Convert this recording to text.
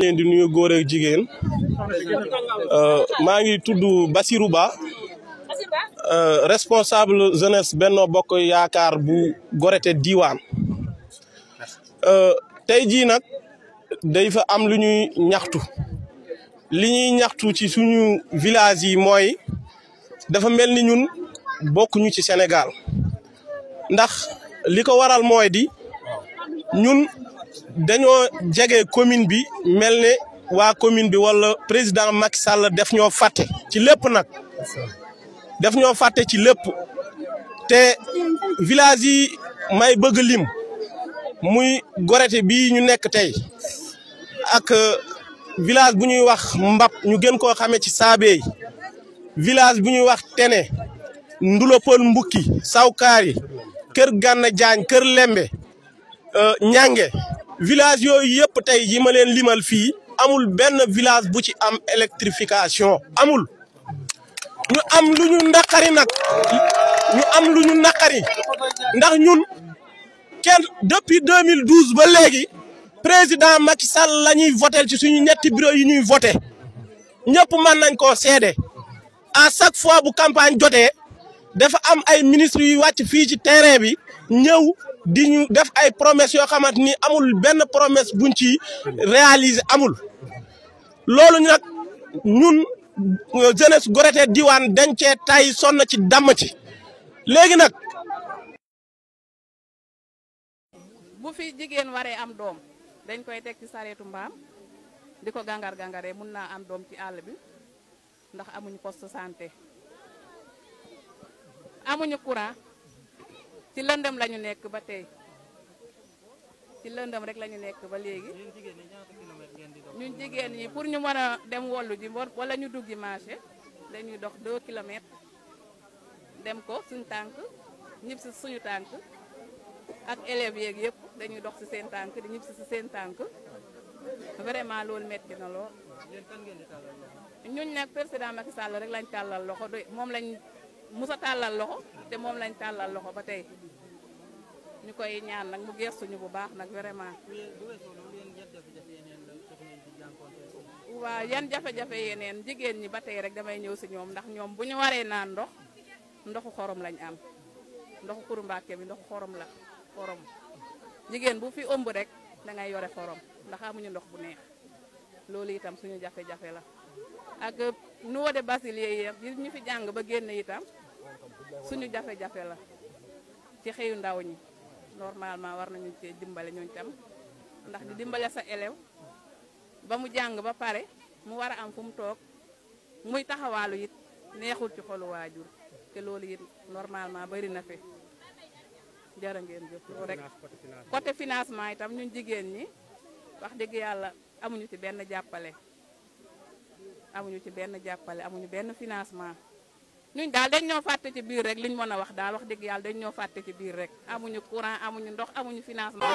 leen di nuyu góor jigéen euh, maa ngi tudd Basirou Ba euh, responsable jeunesse benn Bokk Yaakaar bu Gorete Diwane euh, tey jii nag day fa am lu ñuy ñaxtu li ñuy ñaxtu ci suñu village yi mooy dafa mel ni ñun bokkuñu ci Sénégal ndax li ko waral mooy di ñun dañoo jege commune bi mel ne waa commune bi wala président Macky Sall def ñoo fàtte ci lépp nag def ñoo fàtte ci lépp te village yi may bëgg lim muy Gorete bii ñu nekk tey ak euh, village bu ñuy wax Mbap ñu gën koo xamee ci Saabeey village bu ñuy wax Tene Ndulopol saw Sawkaari Kër Gànna Jaañ Kër Lembe ñànge euh, village yooyu yëpp tey ji ma leen limal fii amul benn village bu ci am électrification amul ñu am lu ñu ndax naqari nag ñu am lu ñu naqari ndax ñun kenn depuis 2012 ba léegi président Macky Sall la ñuy votel ci suñu ñetti bureau yu ñuy vote ñëpp mën nañ ko seede à chaque fois bu campagne jotee dafa am ay ministres yuy wàcc fii ci terrain bi ñëw di ñu def ay promesse yoo xamante ni amul benn promesse buñ ci réaliser amul loolu nag ñun euh, jeunesse Goreté diwaan dañ cee tay sonn ci damm ci léegi nag. bu fi jigéen waree am doom dañ koy teg ci sareetu mbaam di ko gàngar gàngaree mun naa am doom ci àll bi ndax amuñu poste santé amuñu courant. ci lëndëm la ñu nekk ba tey ci lëndëm rek la nekk ba léegi ñu jigéen ñi pour ñu mën a dem wollu ji wala ñu duggi marché dañuy dox 2 kilomètre dem ko suñ tànk ñib suñu tànk ak élève yeeg yëpp dañuy dox si seen tànk di ñib si seen tànk vraiment loolu metti na lool ñun nag président Macky Sall rek lañ tàllal loxo doy moom lañ musa tàllal loxo te moom lañ tàllal loxo ba tey ñukoy ñaan nak mu ñu bu baax nak vraiment. wa yan jafé jafé yeneen jigen ñi batay rek damay ñew ci ñom ndax ñom buñu waré na ndox ndoxu xorom lañ am ndoxu Kourou Mbacké bi ndoxu xorom la xorom jigéen bu fi ëmb rek da ngay yoré xorom ndax amuñu ndox bu neex loolu itam suñu jafé jafé la ak euh, nu de basilier yi ñu fi jang, ba génn itam suñu jafé jafé la ci xeyu ndaw ñi normalement war nañu cee dimbale ñooñu tam ndax di dimbale sa élève ba mu jàng ba pare mu war a am fu mu toog muy taxawaalu it neexul ci xolu waajur te loolu it normalement bari na fi jërë ngeen jëf loolu rek côté financement itam ñu jigéen ñi wax dëgg yàlla amuñu ci benn jàppale amuñu ci benn jàppale amuñu benn financement ñun daal dañ ñoo fàtte ci biir rek liñ mën a wax daal wax dëgg yàlla dañ ñoo fàtte ci biir rek amuñu courant amuñu ndox amuñu financement